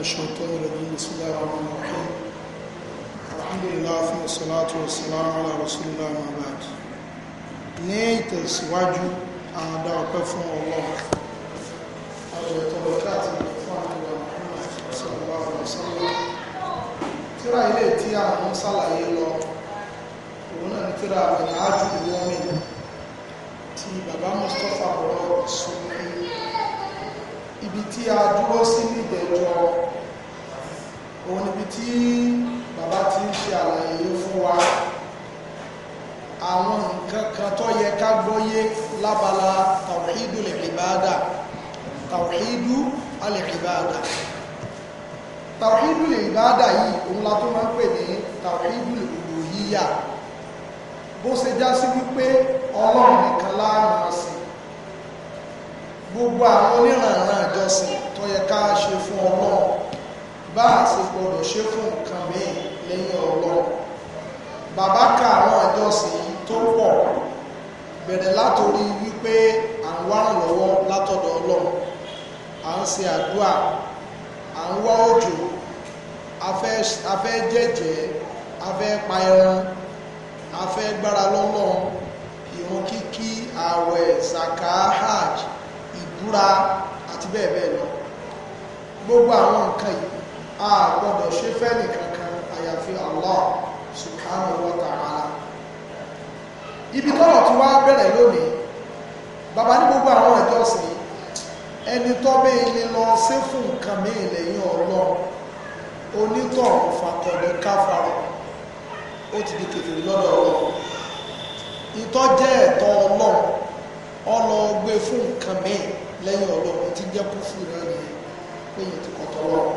الشيطان الرجيم بسم الله الرحمن الرحيم الحمد لله ثم الصلاة والسلام على رسول الله ما بعد ní ìtẹ̀síwájú àwọn adáwọ̀pẹ́ fún ọlọ́run àjọ̀tọ̀lọ́kẹ́ àti ìfún àjọ̀wà Muhammad sallallahu alaihi wasallam tíra ilé tí àwọn sàlàyé lọ òun náà ní tíra àwọn àjò ìwọ́mìn ti bàbá Mustapha bọ̀rọ̀ sọ̀rọ̀ ibi tí a dúró sí nídẹ̀ẹ́jọ́ òun níbi tí bàbá ti ń ṣe àlàyé fún wa àwọn nǹkan kan tó yẹ ká gbọ́yé lábala tàwíìdù lẹ́kìbáadà tàwíìdù alẹ́kìbáadà tàwíìdù lẹ́kìbáadà yìí òun la tó máa ń pè ní tàwíìdù lẹ́kìbáadà yíyà bó ṣe já sí wípé ọlọ́run nìkan láàrin ọ̀sìn gbogbo àwọn oníranran ìjọsìn tó yẹ ká ṣe fún ọlọ́run bá a ṣe gbọdọ̀ ṣe fún nǹkan mìíràn lẹ́yìn ọlọ́run bàbá ka àwọn ìjọsìn yìí tó pọ̀ bẹ̀rẹ̀ látòrí wípé à ń wárán lọ́wọ́ látọ̀dọ̀ ọlọ́run à ń ṣe àdúrà à ń wá òjò a fẹ́ jẹ́jẹ́ a fẹ́ pa ẹran a fẹ́ gbára lọ́lọ́run ìrun kíkí ààwẹ̀ sàkà hajj ìbúra àti bẹ́ẹ̀ bẹ́ẹ̀ lọ gbogbo àwọn nǹkan yìí a gbọ́dọ̀ ṣe fẹ́ nìkankan àyàfi Allah subhanahu wa ta'ala ibi tọ́rọ̀ tí wá bẹ̀rẹ̀ lónìí bàbá ní gbogbo àwọn ìjọsìn ẹni tọ́ bẹ́ẹ̀ ni lọ sí fún nǹkan mìíràn lẹ́yìn Ọlọ́run onítọ̀rọ̀ fàkọ̀dọ̀ káfàrọ̀ ó ti di kèfèrè lọ́dọ̀ Ọlọ́run ìtọ́jẹ́ ẹ̀tọ́ Ọlọ́run ọlọ́ọ̀gbé fún nǹkan mìíràn lẹ́yìn ọlọ́run ti jẹ́ kúfù náà nìyẹn péye ti kọ̀tọ̀ lọ́rọ̀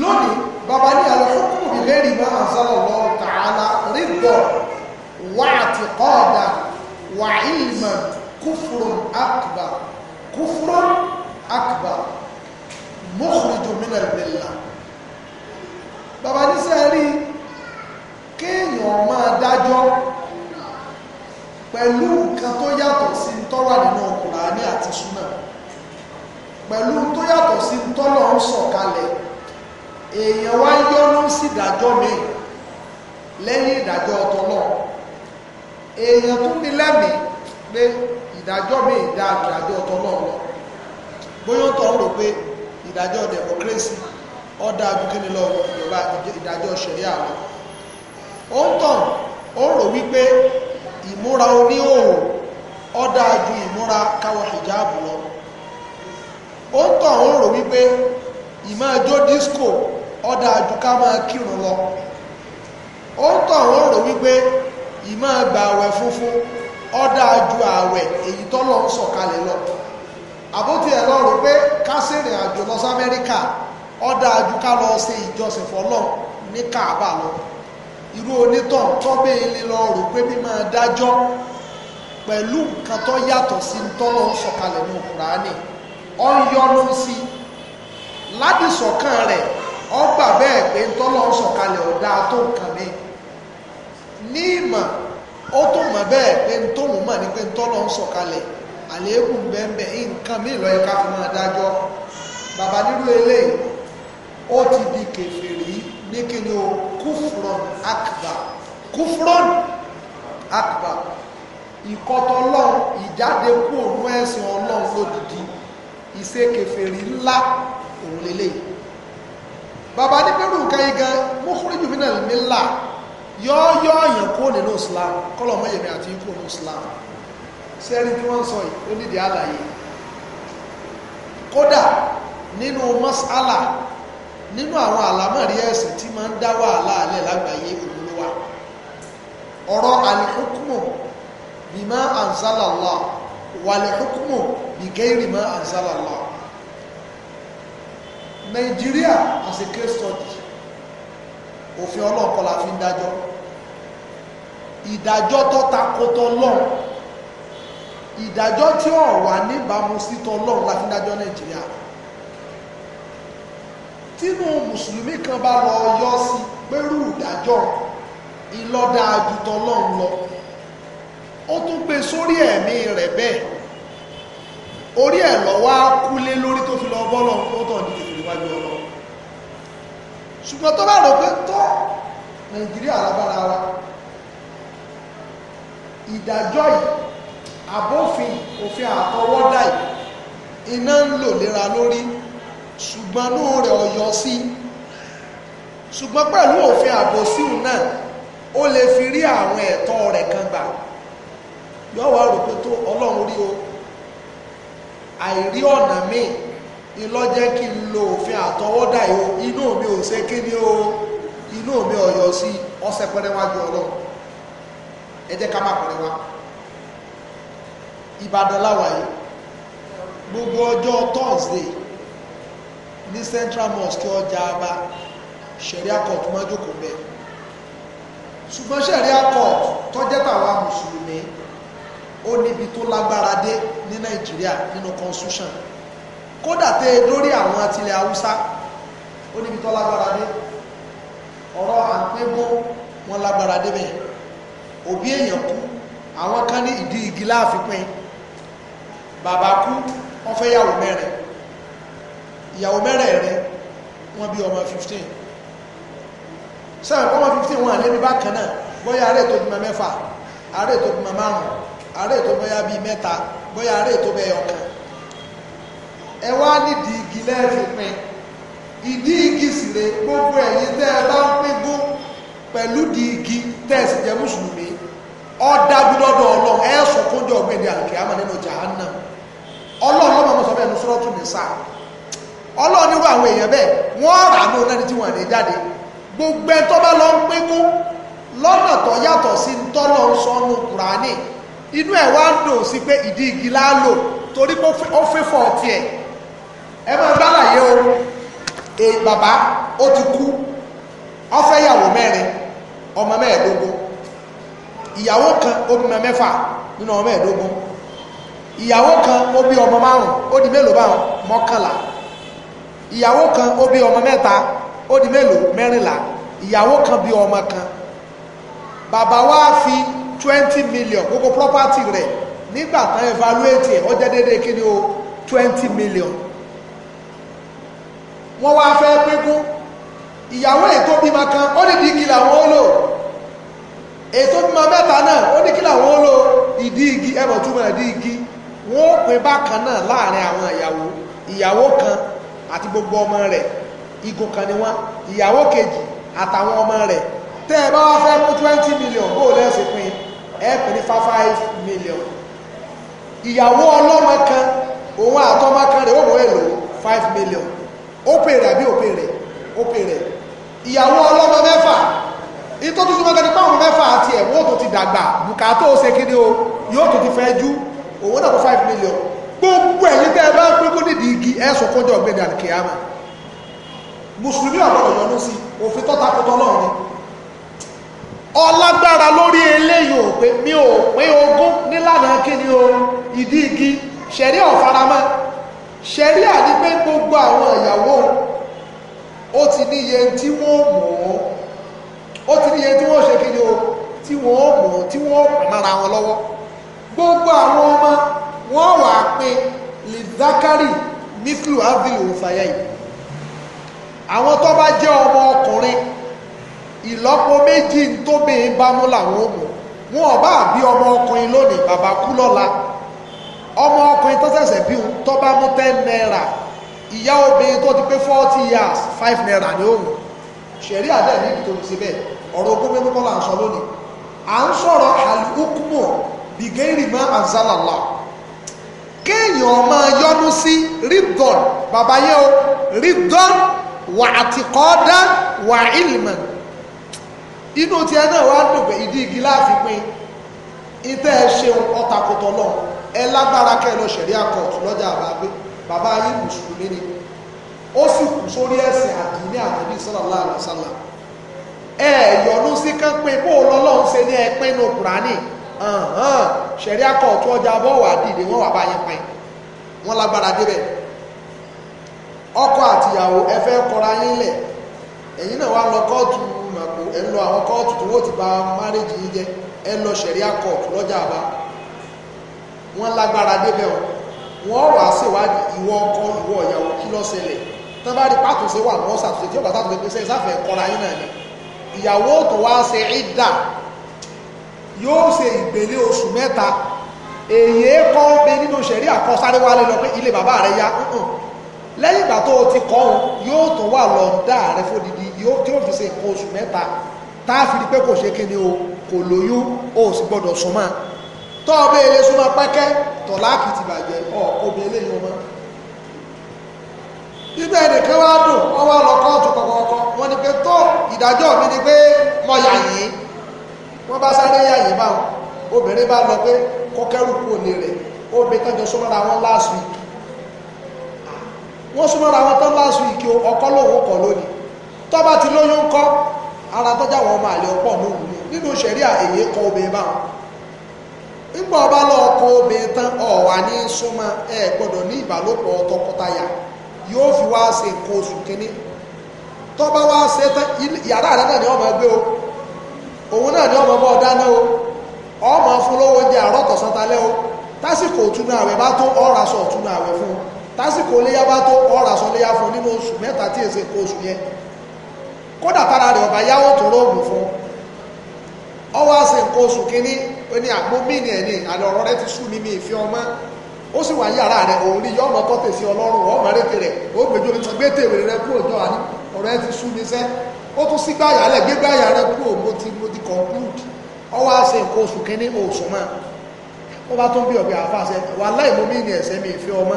lónìí bàbá ní àlọ́kùnkùn mi lẹ́rì máa ń sọ́rọ̀ lọ́wọ́ tààlà rígbọ̀ wà àti kọ́ọ̀dà wà ìmọ̀ kúfùrùn akbar kúfùrùn akbar mọ́kùnrin jòmínà ìbẹ̀lá bàbá ní sẹ́rí kéèyàn máa dájọ́ pẹ̀lú àti súnà pẹ̀lú tó yàtọ̀ sí tọ́lọ̀ ń sọ̀kalẹ̀ èèyàn wá yọ́nú sí ìdájọ́ mi lẹ́yìn ìdájọ́ ọ̀tọ̀lọ̀ èèyàn tún ní lẹ́mìí pé ìdájọ́ mi dá ìdájọ́ ọ̀tọ̀lọ̀ lọ bóyá tó ń rò pé ìdájọ́ democracy ọ̀dà abúkíní lọ ìjọba ìdájọ́ ṣẹ̀yà lọ ó ń tàn ó ń rò wípé ìmúra oníhòòhò ó dáa ju ìmúra káwọ hijabu lọ ó ń tọ̀ ó ń rò wípé ìmọ̀ ẹjọ́ disco ó dáa ju ká máa kírun lọ ó ń tọ̀ ó ń rò wípé ìmọ̀ ẹgbà àwẹ̀ funfun ó dáa ju àwẹ̀ èyí tó lọ ń sọ̀kalẹ̀ lọ àbótí ẹ̀ lọ rò pé ká àjò lọ sí Amẹ́ríkà ó ju ká lọ ṣe ìjọsìn fọlọ́ọ̀ ní kaaba lọ irú onítàn tọ́bẹ̀ ilé lọ rò pé mímọ́ dájọ́ pẹ̀lú nǹkan tó yàtọ̀ sí tọ́lọ́ ń sọ̀kalẹ̀ ní Kùránì ọ ń yọnu sí ládìsọ̀kan rẹ̀ ọ gbà bẹ́ẹ̀ pé tọ́lọ́ ń sọ̀kalẹ̀ ọ̀dà tó nǹkan mi ní ìmọ̀ ó tó mọ̀ bẹ́ẹ̀ pé tóun mọ̀ ní pé tọ́lọ́ ń sọ̀kalẹ̀ àléébù bẹ́ẹ̀ nǹkan mi lọ́yẹ ká fi máa dájọ́ bàbá nírú eléyìí ó ti di kèfèrí ní kí ni o kúfùrọ̀n akbar kúfùrọ̀n akbar ìkọtọ ọlọ́run ìjáde kú òun ẹ̀sìn ọlọ́run lódìdí ìṣekèfèrí ńlá òun lélẹ̀ bàbá nípẹ̀rù nǹkan yìí gan mọ́kúrẹ́jù mí náà mi là yọ́ yọ́ èèyàn kó nínú Islam kọ́lọ̀ mọ́ èèyàn àti ikú nínú Islam sẹ́rí tí wọ́n ń sọ yìí ó nídìí àlàyé kódà nínú mọ́sálà nínú àwọn àlámọ̀rí ẹ̀sìn tí máa ń dá wàhálà alẹ́ lágbàáyé òun ló wà ọ̀rọ̀ àlìkúkúmọ̀ بما أنزل الله hukmu بغير ما أنزل الله. Nigeria as a case study òfin ọlọ́ọ̀kọ́ la fi ń dájọ́ ìdájọ́ tó takotọ́ lọ́wọ́ ìdájọ́ tí ó wà níbàámu sí tọlọ́run la fi dájọ́ nàìjíríà tínú mùsùlùmí kan bá lọ yọ sí pẹ̀lú ìdájọ́ ìlọ́dà àjùtọ̀ lọ́run lọ ó tún gbé sórí ẹ̀mí rẹ̀ bẹ́ẹ̀ orí ẹ̀ lọ wá kúlé lórí tó fi lọ bọ́lọ̀ ó tàn ní tètè níwájú ọlọ ṣùgbọ́n tó bá rò pé tó nàìjíríà lábára wa ìdájọ́ yìí àbófin òfin àtọwọ́dá yìí iná ń lò léra lórí ṣùgbọ́n inú rẹ̀ ọ̀yọ́ sí ṣùgbọ́n pẹ̀lú òfin àbòsíhùn náà ó lè fi rí àwọn ẹ̀tọ́ rẹ̀ kan gbà yọ wá rò pé tó ọlọ́run rí o àìrí ọ̀nà míì ni lọ jẹ́ kí n lo òfin àtọwọ́dà yìí o inú mi ò ṣe kí ni o inú mi ò yọ sí ọsẹ pẹrẹwájú ọlọ́run ẹ jẹ́ ká má pẹrẹwá ìbàdàn láwà yìí gbogbo ọjọ́ thursday ní central mosque ọjà àbá sharia court máa jókòó bẹ́ẹ̀ ṣùgbọ́n sharia court tó jẹ́ tàwa mùsùlùmí ó níbi tó lágbára dé ní nàìjíríà nínú constitution kódà tẹ lórí àwọn atilẹ̀ haúsá ó níbi tó lágbára dé ọ̀rọ̀ àpébó wọn lágbára dé bẹ́ẹ̀ òbí èèyàn kú àwọn kan ní ìdí igi láàfipín bàbá kú wọ́n fẹ́ yàwó mẹ́rin ìyàwó mẹ́rin rẹ̀ wọ́n bí ọmọ 15 sẹ́wọ̀n ọmọ 15 wọn àlébí bákan náà bóyá àárẹ̀ tó bímọ mẹ́fà àárẹ̀ tó bímọ márùn-ún àárẹ̀ tó bóyá bíi mẹ́ta bóyá àárẹ̀ tó bẹ́ẹ̀ ọkàn ẹ wá nídìí igi lẹ́ẹ̀fin pin ìdí igi sì lè gbogbo ẹ̀yin tẹ́ ẹ bá ń pínkún pẹ̀lú di igi tẹ́ ẹ sì jẹ́ mùsùlùmí ó dájú lọ́dọ̀ ọlọ́run ẹ sùn fún jọ ọ̀gbẹ́ni àlùkè àmọ́ nínú jahannam ọlọ́run lọ́mọ mọ́sọ bẹ́ẹ̀ ní sọ́rọ́tù nìsa ọlọ́run nírú àwọn èèyàn bẹ́ẹ̀ wọ́n rà ní onáni tí wọ́n ní jáde gbogbo ẹ tó bá lọ ń pínkún lọ́nà tó yàtọ̀ sí tọ́lọ́ sọ́nù kùránì inú ẹ̀ wá ń dùn sí pé ìdí igi láàlò torí pé ó fẹ́fọ̀ tiẹ̀ ẹ máa gbálàyé o e bàbá ó ti kú ó fẹ́ ìyàwó mẹ́rin ọmọ mẹ́ẹ̀ẹ́dógún ìyàwó kan ó bímọ mẹ́fà nínú ọmọ mẹ́ẹ̀ẹ́dógún ìyàwó kan ó bí ọmọ márùn ó di mélòó báwọn mọ́kànlá ìyàwó kan ó bí ọmọ mẹ́ta ó di mélòó mẹ́rìnlá ìyàwó kan bí ọmọ kan bàbá wa fi twenty million gbogbo property rẹ̀ nígbà tán evaluate ẹ̀ ọjọ́ déédéé kí ni o twenty million wọ́n wá fẹ́ pínkún ìyàwó ètò bímọ kan ó ní dígí làwọn ó lò ètò bímọ mẹ́ta náà ó ní kí làwọn ó lò ìdí igi ẹ̀rọ túmọ̀ ìdí igi wọ́n ó pín bákan náà láàrin àwọn ìyàwó ìyàwó kan àti gbogbo ọmọ rẹ̀ igun kan ni wọ́n ìyàwó kejì àtàwọn ọmọ rẹ̀ tẹ́ ẹ bá wá fẹ́ kó twenty million bó lẹ́sìn pin ẹ pè ní five million ìyàwó ọlọ́mọ kan òun àtọ́mọ kan rẹ̀ ó mọ̀ èlò five million ó pè rẹ̀ àbí ó pè rẹ̀ ó pè rẹ̀ ìyàwó ọlọ́mọ mẹ́fà ìtọ́jú súnmọ́ gẹ́gẹ́ pàwọn mẹ́fà àti ẹ̀wọ́n tó ti dàgbà bùkátà ó ṣe kíni o yóò tó ti fẹ́ jú òun náà kó five million gbogbo ẹ̀yìn tẹ́ ẹ bá pín kó nídìí igi ẹ̀sùn kọjọ ọ̀gbẹ́dẹ̀ àdìkẹ́yàmà mùsùlùmí ọ̀gbọ́dọ̀ yọnu sí òfin tọ́takùtọ̀ náà ni ọlágbára lórí eléyìí ò pé mi ò pín ogún nílànà kíni o ìdí igi ṣẹ̀rí ọ̀faramọ́ ṣẹ̀rí àdí pé gbogbo àwọn ìyàwó ó ti níye tí wọ́n mọ̀ ọ́ ó ti níye tí wọ́n ṣe kíni o tí wọ́n mọ̀ ọ́ tí wọ́n pín mọ́ra wọn lọ́wọ́ gbogbo àwọn ọmọ wọ́n wà pín lizakari mithlu avil òfàyà yìí àwọn tó bá jẹ́ ọmọ ọkùnrin ìlọ́po méjì tóbìnrin bá mú làwọn ò mú wọn ọba àbí ọmọ ọkùnrin lónìí bàbá kú lọ́la ọmọ ọkùnrin tó ṣẹ̀ṣẹ̀ bí wọn tó bá mú ten naira ìyá obìnrin tó ti pé forty years five naira ni ó mú ṣẹ̀rí àdẹ́ ní ìtòlù síbẹ̀ ọ̀rọ̀ ogún mímú kọ́ là ń sọ lónìí à ń sọ̀rọ̀ àlùkùmù bìgẹ́rì mọ́ àzálàlà kéèyàn máa yọnu sí rídọ̀n bàbá o rídọ̀n wà àtìkọ́dá wà ìlìmọ̀ inú tiẹ̀ náà wá dùn pé ìdí igi láàfin pin ìtẹ́ ẹ ṣeun ọ̀tàkùtọ̀ lọ ẹ lágbára kẹ́ ẹ lọ ṣẹ̀rí àkọ́ọ̀tù lọ́jà àbágbé bàbá yín mùsùlùmí ni ó sì kù sórí ẹ̀sìn àdínní ànábì sallallahu alaihi wasallam ẹ yọ̀nú sí kán pé bó lọ́lọ́run ṣe ní ẹ pinnu kùránì ṣẹ̀rí àkọ́ọ̀tù ọjà bọ́ wà dìde wọ́n wà bá yín pin wọ́n lágbára débẹ̀ ọkọ àtìyàwó ẹ fẹ́ kọra yín lẹ̀ ẹ̀yin náà wá lọ kóòtù máa kó ẹ lọ àwọn kóòtù tó wó ti ba márèjì yìí jẹ ẹ lọ sẹ̀ríà kóòtù lọ́jà àbá wọ́n lágbára débẹ̀ o wọ́n wàá ṣèwádìí ìwọ ọkọ ìwọ ìyàwó kí ló ṣẹlẹ̀ tó bá rí pàtó ṣe wà wọ́n ṣàtúnṣe tí ó bá ṣàtúnṣe pé sẹ́yìn sáfẹ́ kọ́ra yín náà ni ìyàwó tó wá ṣe ìdà yóò ṣe ìgbélé oṣù mẹ́ta èyí kọ́ pé nínú sẹ̀ríà kọ́ sáré wálé lọ pé ilé bàbá rẹ̀ yá lẹ́yìn ìgbà tó o ti kọ́ òun yóò tún wà lọ dá rẹ fódìdí yóò tí ó fi ṣe nǹkan oṣù mẹ́ta tá a fi di pé kò ṣe kí o kò lóyún o sì gbọ́dọ̀ sún mọ́ tọ́ ọ bẹ́ẹ̀ lè sún mọ́ pẹ́kẹ́ tọ̀láàkì ti bàjẹ́ ọ̀ obìnrin lè yan mọ́. ibẹ̀ nìkan wá dùn wọ́n wá lọ kóòtù kọ̀kọ̀kọ̀ wọ́n ní pé tó ìdájọ́ mi ni pé mo yà yín wọ́n bá sáré yà yín báwọn obìnrin bá lọ pé kọ́kẹ́rù kú òní rẹ̀ ó gbé tọ́jọ́ sọ́mọ́ra wọn last week wọ́n súnmọ́ra wọn tán láṣù ìkí ọkọ́ lónìí ti lóyún ara tọ́jà wọn máa lè ọ̀pọ̀ lóhùn ni nínú èyí kọ obìnrin báwọn nígbà ọba kọ obìnrin tán ọ̀wà ní súnmọ́ ẹ gbọ́dọ̀ ní ìbálòpọ̀ tọkọtaya yóò fi wá ṣe oṣù kínní wá ṣe tán o òun náà ni ọmọ dáná o ọmọ fún oúnjẹ o tásìkò bá tó tásìkò léyà bá tó ọ̀rọ̀ àṣọ léyà fún nínú oṣù mẹ́ta tí èsè kó oṣù yẹn kódà tára rẹ̀ ọba yáwó tó róògùn fún ọwọ́ àṣẹ nǹkan oṣù kínní ó ní àgbo míìnì ẹ̀ ní àlọ́ ọ̀rọ̀ rẹ ti sú mi mi ìfi ọmọ ó sì wà yàrá rẹ̀ òun rí yọ́ọ̀mọ́ tọ́tẹ̀ sí ọlọ́run ọmọ rékè rẹ̀ ó gbèjọ́ mi tún gbé tèwé rẹ kúrò jọ àní ọ̀rọ̀ ẹ ti sú mi sẹ́ ó tún sí gbáyà lẹ̀ gbé gbáyà rẹ kúrò mo ti mo ti conclude ọwọ́ àṣẹ nǹkan oṣù kínní oṣù mọ́ ó bá tún bí ọ̀gbẹ́ àfàṣẹ wà láì mo míìnì ẹ̀sẹ̀ mi ìfi ọmọ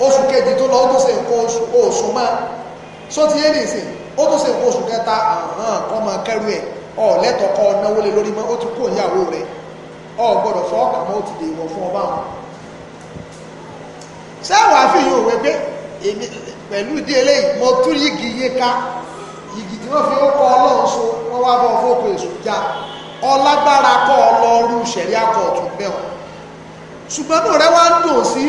oṣù kejì tó lọ ó tún ṣe nǹkan oṣù oṣù mọ́ só ti yé nìsín ó tún ṣe nǹkan oṣù kẹta àhàn kọ́ máa kẹ́rù ẹ̀ ọ̀ lẹ́tọ̀ọ́ kọ́ náwó lé lórí mọ́ ó ti kó ìyàwó rẹ̀ ọ̀ gbọ́dọ̀ fọ́ ọkà mọ́ ó ti dè ìwọ̀ fún ọba wọn. sẹ́wàá fi yín òwe pé èmi pẹ̀lú ìdí eléyìí mo tún yígi yé ká yìgì tí wọ́n fi ó kọ ọlọ́run so wọ́n wá bọ́ fóko èso já ọlágbára kọ́ ọlọ́rú ṣẹ̀rí akọ̀ọ̀tún bẹ́ẹ̀ ṣùgbọ́n náà rẹ wá ń dùn sí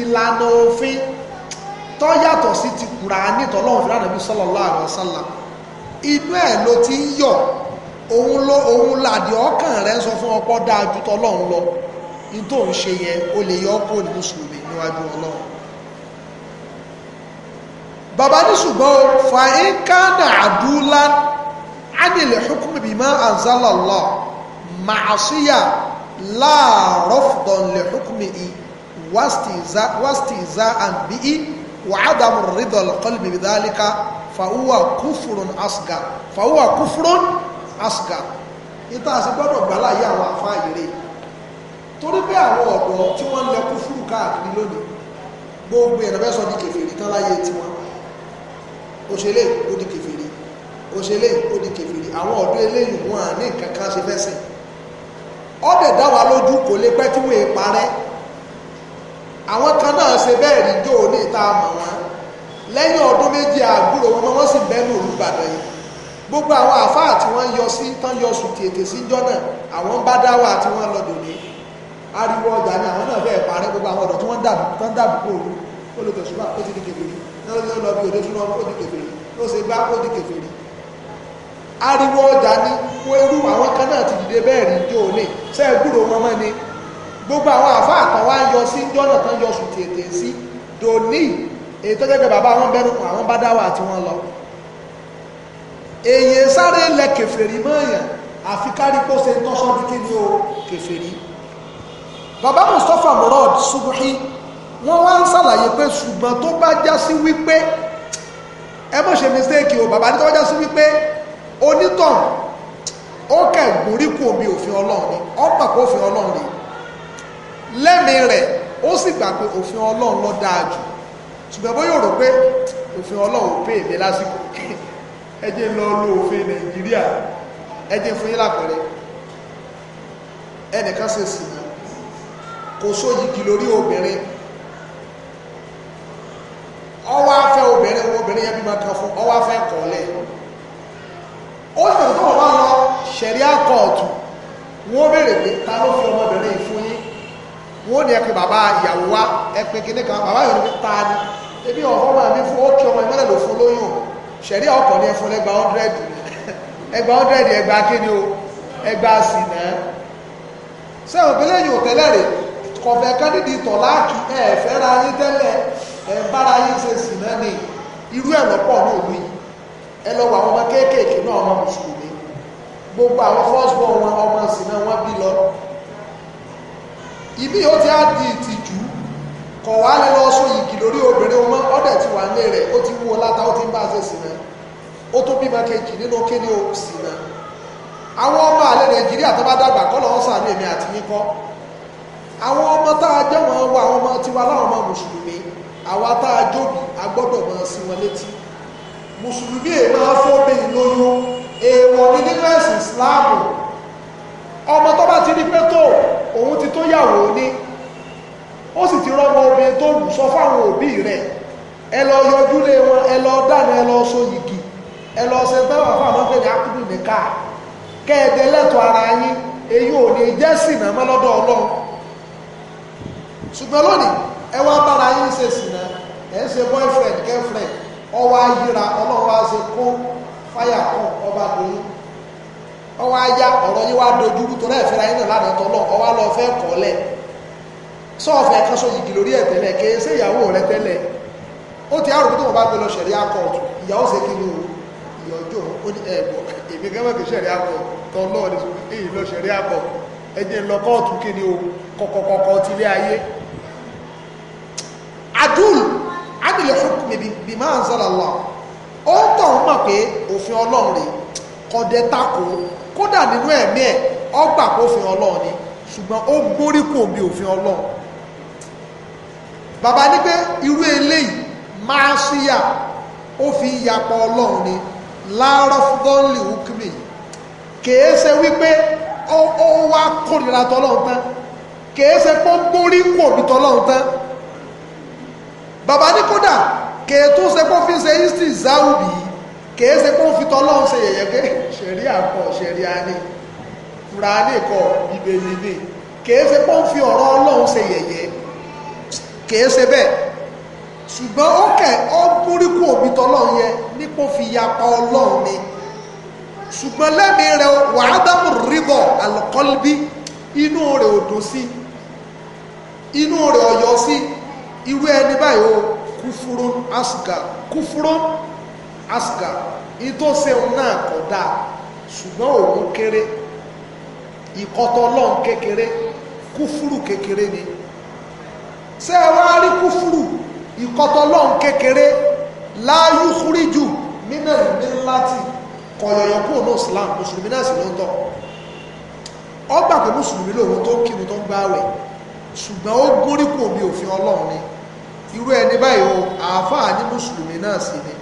ìlànà òfin tó yàtọ̀ sí ti Kùránì tọ́lọ́run fún ànábì sallallahu alaihi wasallam inú ẹ̀ ló ti ń yọ̀ òun ló òun làdí ọkàn rẹ̀ ń sọ fún ọpọ́ dáa ju tọ́lọ́run lọ ní tó ń ṣe yẹn o lè yọ kó ní mùsùlùmí níwájú ọlọ́run bàbá ní ṣùgbọ́n fa ìkánà àdúlá ánìlẹ̀ hukumi bima anzala Allah màásíyà láàárọ̀ fùdọ̀ ńlẹ̀ hukumi yìí wàstìzá àbí i wàhádàmù rídọ̀l kọlùbì bìdálíkà fàwúwà kúfùrún asgà fàwúwà kúfùrún asgà ìta àti gbọ́dọ̀ gbàlá yí àwọn àfáà yìí torí pé àwọn ọ̀dọ́ tí wọ́n lẹ kúfùrù káàkiri lónìí gbogbo ìrànbẹ́ sọ di kèfèrí tán láyé tiwọn òṣèlè ó di kèfèrí òṣèlè ó di kèfèrí àwọn ọ̀dọ́ eléyìí wọn à ní nǹkan kan ṣe fẹ́ sìn ọ́ dẹ̀ dá wa lójú kò lè pẹ́ tí wọ́n àwọn kan náà ṣe bẹ́ẹ̀ rí jó ní ìta àmọ̀ wọn lẹ́yìn ọdún méjì àgbúrò wọn wọ́n sì bẹ́nu ìlú Ìbàdàn yìí gbogbo àwọn àfáà tí wọ́n yọ sí tán yọ sùn tètè síjọ́ náà àwọn bá dáwà tí wọ́n lọ dòní ariwo ọjà ni àwọn náà fẹ́ẹ̀ parẹ́ gbogbo àwọn ọ̀dọ́ tí wọ́n dàbí tán dàbí kó òru ó lè ti di kèfèrí lọ́dún lọ bí òdetúná ó di kèfèrí ó ṣe bá ó di kèfèrí ariwo ọjà ni wọ́n irú àwọn kan náà ti dìde bẹ́ẹ̀ rí jó ní sẹ́ẹ̀ gbúrò wọn mọ́ ni gbogbo àwọn àfa àtàn wa ń yọ sí jọ́nà tán yọ sùn tètè sí dòní èyí tó gẹ́gẹ́ bàbá wọn bẹ́nu kan àwọn bá dáwà tí wọ́n lọ èyí sáré lẹ kèfèrí mọ́ọ̀yàn àfi kárí kó ṣe tọ́sán kíkí ní o kèfèrí bàbá Mustapha Murad Subuhi wọ́n wá ń sàlàyé pé ṣùgbọ́n tó bá já sí wípé ẹ mọ̀ ṣe mistake o bàbá ní tó bá já sí wípé onítàn ó kẹ̀ gúnríkù omi òfin Ọlọ́run ni ó pàpọ̀ òfin Ọlọ́run ni lẹ́mìí rẹ̀ ó sì gbà pé òfin ọlọ́run ló dáa jù ṣùgbọ́n bóyá rò pé òfin ọlọ́run pè mí lásìkò ẹ jẹ́ lọ lo òfin nàìjíríà ẹ jẹ́ fún yín lápẹẹrẹ ẹnìkan ṣe sì náà kò sóyìgì lórí obìnrin ọwọ́ afẹ́ obìnrin obìnrin yẹn bí máa kan fún ọwọ́ afẹ́ kọ̀ọ̀lẹ̀ ó sì tẹ̀sán tó wọ́n bá lọ ṣẹ̀ríà kóòtù wọ́n béèrè pé ta ló fi ọmọbìnrin fún yín wọ́n ní ẹ pé bàbá ìyàwó wa ẹ pé kíní kan bàbá yòó ní ta ni ebi ọ̀họ́ máa mi fún ókè ọmọ ìmọ́lẹ̀ ló fún lóyún ṣẹ̀rí ọkọ̀ ní ẹfun lẹ́gbàá ọ́ndrẹ́dì ẹgbàá ọ́ndrẹ́dì ẹgbàá kíni o ẹgbàá sì náà sẹ́wọ̀n pé lẹ́yìn òtẹ́lẹ̀ rè kọ̀fẹ́ kádìdì tọ̀ láàkì ẹ fẹ́ra yín tẹ́lẹ̀ ẹ bára yín ṣe sì náà ni irú ẹ̀ lọ́pọ̀ ní òlu yìí ẹ lọ wọ ọmọ kéékèèké náà ọmọ mùsùlùmí gbogbo àwọn first ibi ó ti á di ìtìjú kọ̀ wá lẹ́ lọ sọ yìgì lórí obìnrin ọmọ ọ̀dẹ̀ ti wà nílé rẹ̀ ó ti wú ọ látà ó ti ń bá ṣe sí náà ó tó bímọ kejì nínú kéde òsì náà àwọn ọmọ àlẹ nàìjíríà tó bá dàgbà kọ́ lọ́wọ́ sàánú èmi àti yín kọ́ àwọn ọmọ tá a jẹ́ wọn wọ àwọn ọmọ tiwa láwọn ọmọ mùsùlùmí àwa tá a jóbi a gbọ́dọ̀ máa sí wọn létí mùsùlùmí èèmọ̀ afọ́bìnrin lóyún èèwọ̀ ní nínú ẹ̀sìn ìsìláàmù ọmọ tó bá ti rí pé tó òun ti tó yàwó ní ó sì ti rọ́mọ obìnrin tó lù sọ fáwọn òbí rẹ̀ ẹ lọ yọjúlé wọn ẹ lọ dáná ẹ lọ so yìgì ẹ lọ ṣe tẹ́wà fáwọn pé ní akúndùn nìka kẹ́ẹ̀dẹ́ lẹ́tọ̀ ara yín èyí ò ní jẹ́ sìnà mọ́ lọ́dọ̀ ọlọ́run ṣùgbọ́n lónìí ẹ wá bára yín ṣe sìnà ẹ ń ṣe boyfriend girlfriend ọwọ́ ayíra ọlọ́run wá ṣe kó fáyà kan ọba lóyún ọwọ́ ajá ọ̀rọ̀ yín wá dojú rú torí ẹ̀fẹ́ láyé náà lánàá tọ́lọ́ ọwọ́ lọ fẹ́ kọ́lẹ̀ sọ́ọ̀fẹ́ kan sọ yìgì lórí ẹ̀ tẹ́lẹ̀ kì í ṣe ìyàwó rẹ tẹ́lẹ̀ ó ti àrùn tó wọn bá gbé lọ ṣẹ̀rí akọ̀ọ̀tù ìyàwó ṣe kí ni o ìyọjọ́ ó ní ẹ̀bọ̀ èmi gẹ́gẹ́ bí ṣẹ̀rí akọ̀ tọ́ lọ́ọ̀ ní sùn èyí lọ ṣẹ̀rí akọ̀ ẹjẹ́ ń lọ kóòtù kí ni o kọ̀kọ̀kọ̀kọ̀ ti lé ayé. adul abilẹ̀ hukmi bí máa ń sọ̀rọ̀ lọ ó ń tọ̀ ń mọ̀ pé òfin ọlọ́run rè kọ́dẹ́ tako kódà nínú ẹ̀mí ẹ̀ ọgbà kó fi ọlọ́run ni ṣùgbọ́n ó gbórí kò bí òfin ọlọ́run bàbá ní pé irú eléyìí máa síyà ó fi ń yapọ̀ ọlọ́run ni láàárọ̀ fúdọ́ńlì hukumi kèé ṣe wípé ó wá kórìíra tọ́lọ́run tán kèé ṣe pé ó gbórí kò bí tọ́lọ́run tán bàbá ní kódà kèé tó ṣe pé fi ṣe history záwùbì yìí kìí ṣe pé ó fi tọ́lọ́run ṣe yẹ̀yẹ́ pé ṣẹ̀rí àkọ́ ṣẹ̀rí àní fúrání kọ́ ìbèlì ni kìí ṣe pé ó fi ọ̀rọ̀ ọlọ́run ṣe yẹ̀yẹ́ kìí ṣe bẹ́ẹ̀ ṣùgbọ́n ó kẹ̀ ó gúrí kú òbí tọ́lọ́run yẹ nípò fi yapa ọlọ́run ni ṣùgbọ́n lẹ́mi rẹ̀ wàá dámú rírọ̀ àlùkọ́lbí inú rẹ̀ ò dùn sí inú rẹ̀ ọ̀yọ́ sí irú ẹni báyìí ó kúfúrú asùgà kúfúrú asga ìtò ṣeun náà kò dáa ṣùgbọ́n òun kéré ìkọ́tọ̀ ọlọ́run kékeré kúfúrù kékeré ni ṣé ẹ wá rí kúfúrù ìkọ́tọ̀ ọlọ́run kékeré láàyù kúríjù nínú ìní láti kọ̀yọ̀yọ̀ kúrò ní islam mùsùlùmí náà sì ló ń tọ̀ ọgbà pé mùsùlùmí lòun tó kírun tó ń gbáwẹ̀ ṣùgbọ́n ó gúnrí kò bí òfin ọlọ́run ni irú ẹni báyìí o àáfàá ní mùsùlùmí náà sì ni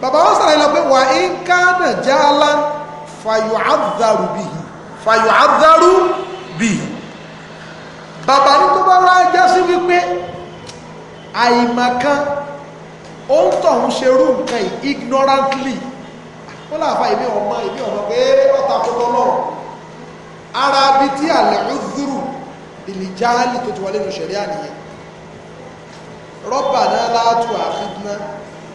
bàbá wọn sàlàyé lọ pé wà ń kánà jálá fàyọ̀ àdàrú bìhì fàyọ̀ àdàrú bìhì bàbá ní tó bá wá já sí wípé àìmọ̀kan ó ń tọ̀ ń ṣerú nǹkan yìí ignorantly ó làbá ìmí ọmọ ìmí ọmọ pé ọ̀tá kó lọ́lọ́ ara bíi tí àlẹ́ ọ̀dúrù ìlìjáàlì tó ti wọlé nu ṣẹ̀ríà rọ́bà náà látò àfihàn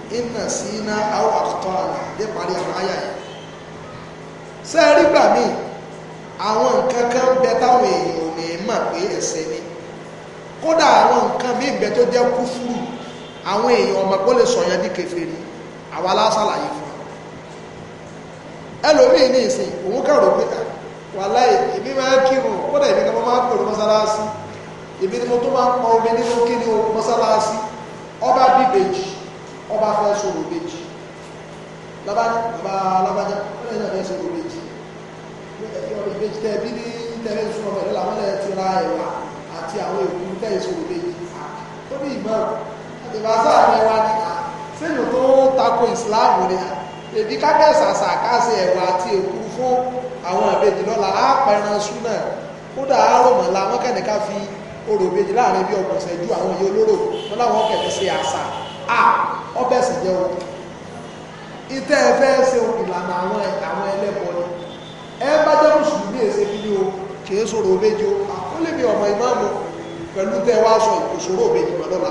Inna sina iná àwọn àkọ́tọ́ àná dé parí àwọn àyà yìí sẹ́ẹ̀rí gbà míì àwọn nǹkan kan bẹ táwọn èèyàn ò ní mà pé ẹ̀ṣẹ̀ ni kódà àwọn nǹkan míì bẹ tó jẹ́ kúfúrú àwọn èèyàn ọmọ kó lè sọ̀yàn ní kèfèrí àwa lásàlàyé fún un ẹlòmíì ní ìsìn òun kàrò pé ah, wàláì èmi máa kírun kódà èmi kan máa ń pèrò mọ́sálásí èmi ni mo tó máa ń omi nínú kí ni mọ́sálásí ọba bíbèjì ọba fẹ́ sọ̀rọ̀ méjì bàbá alábàjá ọ̀rẹ́ náà fẹ́ sọ̀rọ̀ méjì ọ̀rọ̀ méjì tẹ̀ bí ní tẹ̀lé sọ̀rọ̀ pẹ̀lú làwọn ẹ̀ ti ra ẹ̀wà àti àwọn èkú tẹ̀ sọ̀rọ̀ méjì tó bí ìmọ̀ ìbáṣà rẹ̀ wá ní sínú tó tako ìsìláàmù ni à èbí kábẹ́ sàṣà káṣe ẹ̀wà àti èkú fún àwọn ìbejì lọ́la á pẹran súnà kódà á rọ̀mọ̀ làwọn kẹ́nìkan fi orò ìbejì láàrin bí ọgbọ̀nsẹ̀ ju àwọn iye olóró wọn láwọn kẹ̀kẹ́ ṣe àṣà à ah, ọbẹ̀ sì jẹ́ o ìtẹ́ ẹ fẹ́ ṣe ìlànà àwọn àwọn ẹlẹ́bọn ni ẹ bá jẹ́ mùsùlùmí èsè kí ni o kìí sọ̀rọ̀ méjì o àkólébì ọmọ ìmáàmù pẹ̀lú tẹ́ wá sọ ìkòsòrò méjì mọ́ lọ́la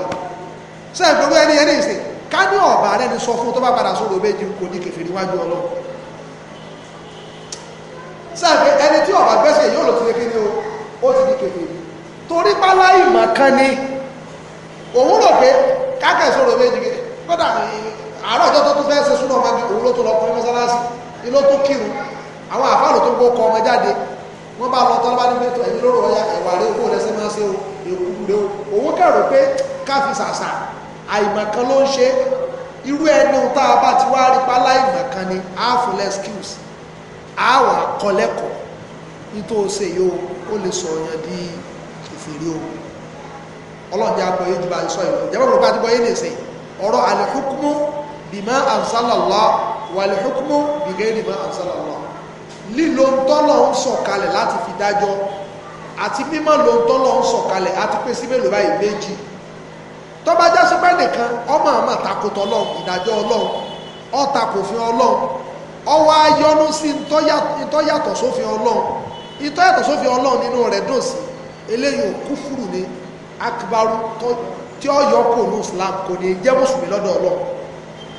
ṣe é gbogbo ẹni ẹni ìsìn ká ní ọ̀bà rẹ ni sọ fún tó bá padà sọ̀rọ̀ méjì kò ní kèfèrí wájú ọlọ́run ṣe é pé ẹni tí ọ̀bà gbẹ́sẹ̀ yóò lọ ti lé o ó ti ní kèfèrí torí pálá ìmọ̀ kan ni òun pé káàkiri sọ̀rọ̀ méjì gẹ̀ kódà àárọ̀ ọjọ́ tó tún fẹ́ ṣe súnà ọmọ òun ló tó lọ kọrin mọ́sálásì ni ló tó kírun àwọn àfáàlù tó gbókọ ọmọ jáde wọ́n bá lọ tọ́lá bá ní mẹ́tọ̀ ẹ̀yìn lóró ọya ẹ̀wà rẹ owó lẹ́sẹ̀ máa ṣe ewu rẹ òun kẹrò pé káfí sàṣà àìmọ̀kan ló ń ṣe irú ẹni tá a bá ti wá rí pálá ìmọ̀kan ni àáfù lẹ́skíùs àáwà kọlẹ́kọ̀ọ́ nítòsí yóò ó lè sọ ọ̀yàn di ìfèrè ohun ọlọ́run jẹ́ àgbọ̀yé jù bá ń sọ ìlú jẹ́ bọ́ọ̀rọ̀ bá ti gbọ́ yé nìsín ọ̀rọ̀ alìhukmu bima ansalallah wàlìhukmu bighairi ma ansalallah lílo tọ́lọ̀ ń sọ̀kalẹ̀ láti fi dájọ́ àti mímọ́ lo tọ́lọ̀ ń sọ̀kalẹ̀ àti pé sí mélòó báyìí méjì tó bá jásí pé nìkan ọmọ àmọ́ takòtò ọlọ́run ìdájọ́ ọlọ́run ọ̀takòfin ọlọ́run ọwọ́ ayọ́nú sí ìtọ́yàtọ̀ sófin ọlọ́run ìtọ́yàtọ̀ sófin ọlọ́run nínú rẹ̀ dùn sí eléyìí ò kúfùrù ni akbaru tí ó yọ kò ní islam kò ní jẹ́ mùsùlùmí lọ́dọ̀ ọlọ́run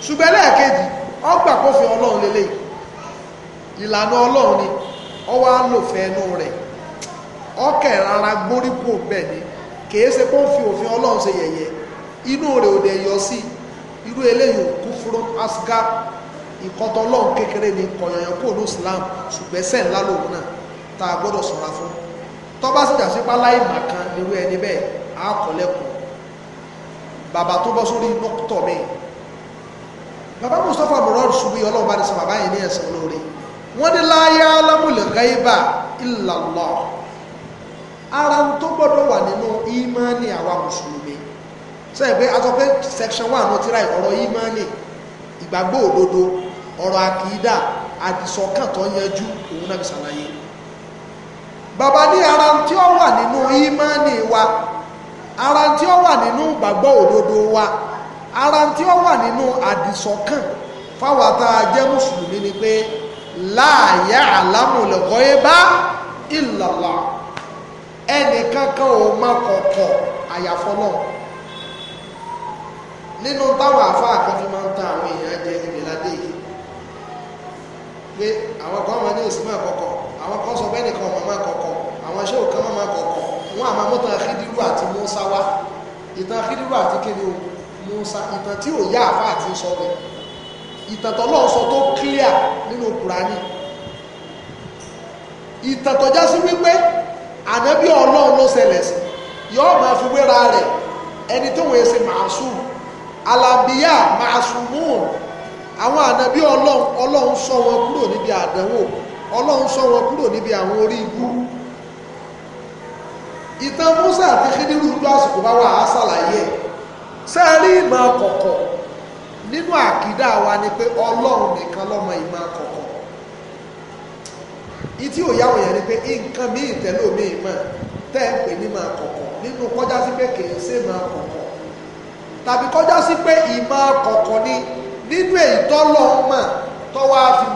ṣùgbọ́n ẹlẹ́ẹ̀kejì ó gbà kófin ọlọ́run lélẹ̀ ìlànà ọlọ́run ni ó wá lòfẹ́ ẹnu rẹ̀ ọkẹ̀ rárá gbóríkò bẹ́ẹ̀ ni kìí ṣe kó fi òfin ọlọ́run ṣe yẹ̀yẹ́ inú rẹ̀ ò dẹ̀ yọ sí irú eléyìí kú fúró asga ìkọ́tọ̀ ọlọ́run kékeré ni kọ̀yọ̀yọ̀ kò ní islam ṣùgbọ́n ẹ̀ṣẹ̀ ńlá lòun náà tá a gbọ́dọ̀ ṣọ́ra fún tọ́ba sì jà sí pálá ìmọ̀ kan nírú ẹni bẹ́ẹ̀ àkọlẹ́kùn bàbá tó bọ́ sórí nọ́kítọ̀ mi bàbá Mustapha murad ṣubú yìí ọlọ́run bá ní sọ bàbá yìí ní ẹ̀sán lórí wọ́n ní la ya'lamul ghaiba illa Allah ara tó gbọ́dọ̀ wà nínú ìmánì àwa mùsùlùmí sẹ́yìn pé aṣọ pé section one ti ra ọ̀rọ̀ ìmánì ìgbàgbọ́ òdodo ọ̀rọ̀ àkìdá àdìsọ́kàn tó yanjú òun náà fi ṣàlàyé bàbá ní ara tí ó wà nínú ìmánì wa ara tí ó wà nínú ìgbàgbọ́ òdodo wa ara tí ó wà nínú àdìsọ́kàn fáwọn tá a jẹ́ mùsùlùmí ni pé láàyè àlámùlẹ̀kọ́ yé bá ìlàlá ẹnìkankan ò mọ kọ̀kọ̀ àyàfọ́ náà nínú táwọn àfáà kan fi máa ń ta àwọn èèyàn jẹ ìgbèládé yìí pé àwọn kan máa ní òsínmọ́ àkọ́kọ́ àwọn kan sọ bẹ́ẹ̀ nìkan ọmọ máa kọ̀kọ̀ àwọn iṣẹ́ òkan máa kọ̀kọ̀ wọn àmọ́ mọ́tàn kídírù àti Mùsá wá ìtàn kídírù àti kéde o Mùsá ìtàn tí ò yá àfa àti sọ rẹ̀ ìtàn tó lọ́n sọ tó clear nínú Kùránì ìtàn tó já sí wípé ànábì ọlọ́run ló ṣẹlẹ̀ sí yọ́ọ́ máa fi wéra rẹ̀ ẹni tó wòye sí màásùm alábíyá màásùmùn àwọn ànábì ọlọ́run ọlọ́run sọ wọn kúrò níbi àdánwò ọlọ́run sọ wọn kúrò níbi àwọn orí ibú ìtàn Musa àti kídírù ń lọ àsìkò bá wà á ṣàlàyé ẹ̀ sẹ́ẹ̀rí ìmọ̀ kọ̀kọ̀ nínú àkídà wa ni pé ọlọ́run nìkan lọ́mọ ìmọ̀ kọ̀kọ̀ ìtí ò yáwò yẹn ni pé nǹkan míì tẹ́lẹ̀ omi ìmọ̀ tẹ́ ń pè ní ìmọ̀ kọ̀kọ̀ nínú kọjá sí pé kì í ṣe ìmọ̀ kọ̀kọ̀ tàbí kọjá sí pé ìmọ̀ kọ̀kọ̀ ni nínú èyí tọ́lọ́ mọ̀ tọ́wọ́ á fi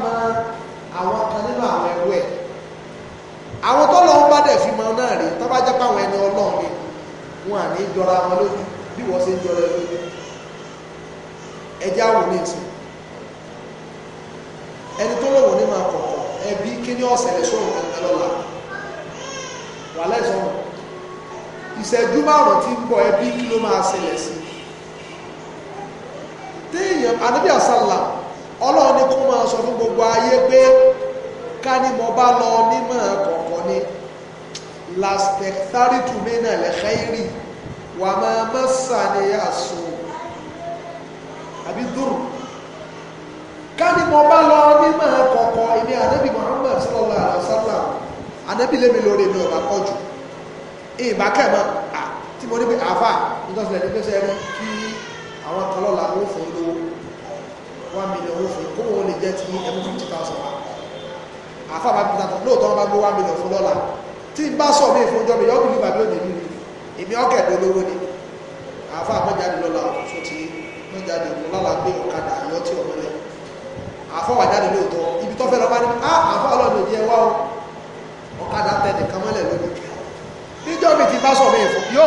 àwọn tó lọ́wọ́ bá dẹ̀ fi mọ náà rè tó bá jẹ́ páwọn ẹni ọlọ́run ni wọn à ní jọra wọn lójú bí wọ́n ṣe ń jọra ẹ lójú ẹjẹ́ àwọn oníṣẹ́ ẹni tó lọ́wọ́ ní máa kọ̀ọ̀kọ̀ ẹbí kí ní ọ̀sẹ̀lẹ̀ sóhun ẹ̀ńtẹ́ lọ́la wà lẹ́sọ̀rọ̀ ìṣẹ́jú márùn-ún ti ń bọ̀ ẹbí kí ló máa ṣẹlẹ̀ sí téèyàn ànábì àsálà ọlọ́run ni kó máa sọ fún gbogbo ayé pé ká ní mo bá lọ nímọ̀ kọ̀ọ̀kan ni lastectaritu mena lẹ́kẹ́rì wà máa mọ́sà ní àṣọ àbí dùrù ká ní mo bá lọ nímọ̀ kọ̀ọ̀kan èmi ànábì Muhammad sallallahu alaihi wasallam ànábì lèmi lórí mi ọ̀bà pọ̀ jù ìbá kẹ̀mọ́ tí mo ní pé àáfà nítorí ẹni pé sẹ́yìn kí àwọn kan lọ́la owó fún lówó one million owó fún kó wọn lè jẹ́ ti ẹ̀mú fifty thousand àfàbà pìtàtọ̀ lóòótọ́ wọn bá gbé one million fún lọ́la tí n bá sọ mí fún ọjọ́ mi yọ́kùnrin bàbá òde mi èmi ọ̀kẹ́dọ̀ olówó ni àfà àmọ́jáde lọ́la tó ti mọ́jáde lọ́la gbé ọ̀kadà àyọ́ tí ọmọ rẹ̀ àfọwàjáde lóòótọ́ ibi tó fẹ́ lọ́ á ah, àfọ ọlọ́dún òdi ẹ wá o ọ̀kadà tẹ nìkan lónìí níjọ́ mi ti bá sọ mí fún yóò